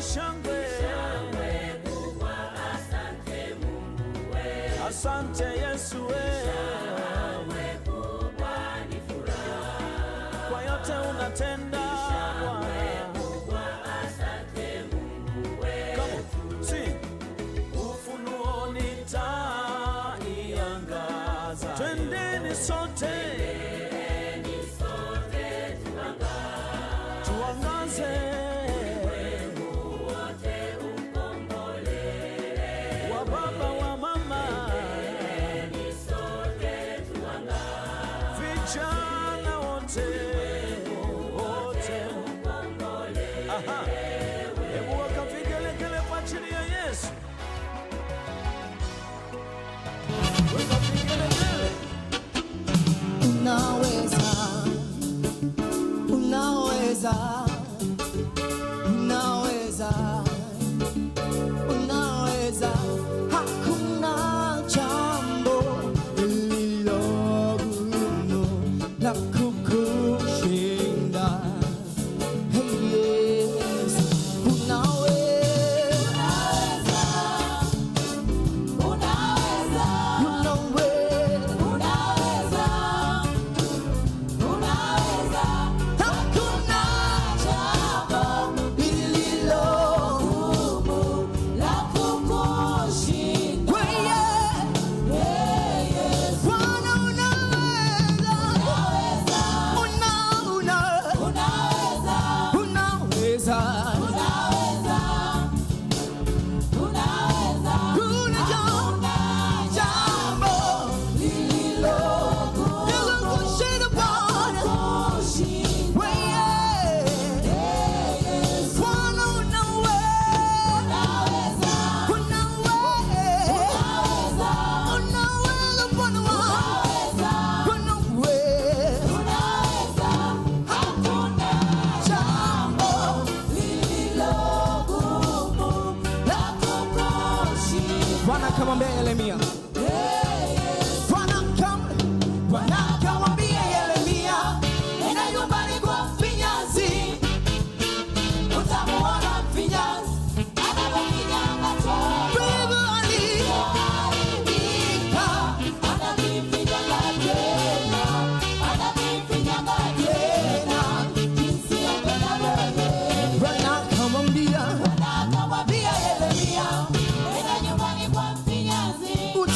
shangwe, shangwe kubwa. Asante Mungu we, asante Yesu we, shangwe kubwa ni furaha kwa yote unatenda kubwa. Asante iangaza, twendeni sote Hebu wakavigelegele kwa ajili ya Yesu. Unaweza, unaweza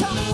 Tell me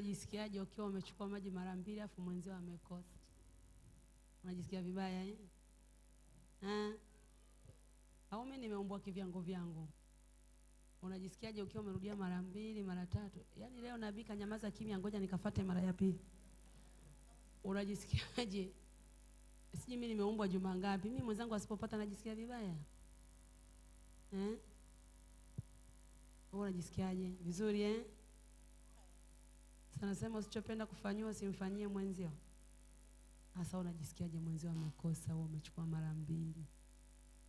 unajisikiaje ukiwa umechukua maji mara mbili afu mwenzio amekosa? Unajisikia vibaya eh? Ha? Au mimi nimeumbwa kivyangu vyangu? Unajisikiaje ukiwa umerudia mara mbili mara tatu? Yaani leo nabii kanyamaza kimya, ngoja nikafate mara ya pili. Unajisikiaje? Sijui mimi nimeumbwa juma ngapi? Mimi mwenzangu asipopata najisikia vibaya eh? Unajisikiaje? Vizuri eh? Anasema usichopenda kufanyiwa usimfanyie mwenzio. Hasa unajisikiaje mwenzio amekosa, au umechukua mara mbili,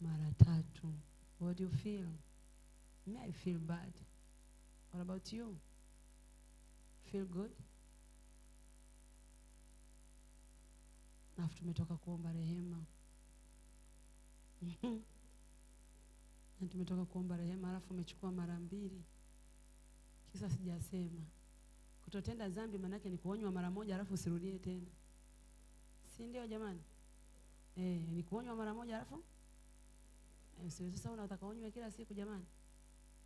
mara tatu? What do you feel? Me, I feel bad. What about you? Feel good? Nafu tumetoka kuomba rehema na tumetoka kuomba rehema, alafu umechukua mara mbili, kisa sijasema Kutotenda dhambi maanake ni kuonywa mara moja alafu usirudie tena, si ndio jamani? E, ni kuonywa mara moja alafu e, sasa unataka onywe kila siku jamani.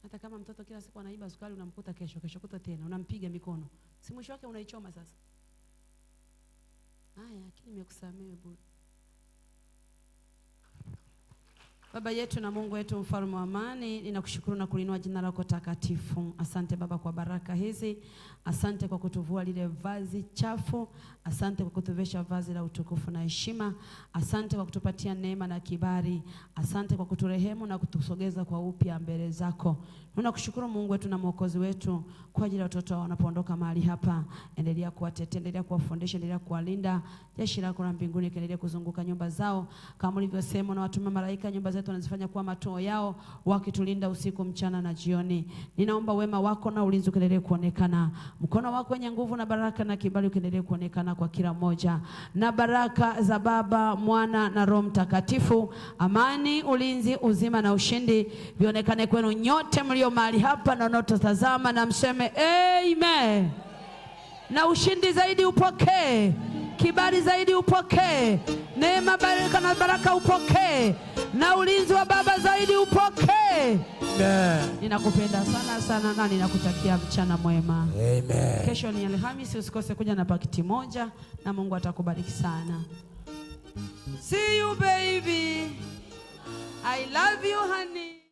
Hata kama mtoto kila siku anaiba sukari unamkuta kesho, kesho kuta tena unampiga mikono, si mwisho wake unaichoma sasa. Haya, lakini nimekusamehe budi. Baba yetu na Mungu wetu, mfalme wa amani, ninakushukuru na kulinua jina lako takatifu. Asante Baba kwa baraka hizi, asante kwa kutuvua lile vazi chafu, asante kwa kutuvesha vazi la utukufu na heshima, asante kwa kutupatia neema na kibali, asante kwa kuturehemu na kutusogeza kwa upya mbele zako. Ninakushukuru Mungu wetu na mwokozi wetu kwa ajili ya watoto wanapoondoka mahali hapa, endelea kuwatetea, endelea kuwafundisha, endelea kuwalinda. Jeshi lako la mbinguni kaendelea kuzunguka nyumba zao kama ulivyosema, na watume malaika nyumba zetu wanazifanya kuwa matoo yao, wakitulinda usiku, mchana na jioni. Ninaomba wema wako na ulinzi ukiendelee kuonekana, mkono wako wenye nguvu na baraka na kibali ukiendelee kuonekana kwa kila mmoja, na baraka za Baba, Mwana na Roho Mtakatifu, amani, ulinzi, uzima na ushindi vionekane kwenu nyote mlio mahali hapa na wanaotazama, na mseme amen, na ushindi zaidi upokee. Kibali zaidi upokee, neema, baraka na baraka upokee, na ulinzi wa Baba zaidi upokee. Ninakupenda sana sana na ninakutakia mchana mwema. Amen. Kesho ni Alhamisi, usikose kuja na pakiti moja, na Mungu atakubariki sana. See you baby. I love you honey.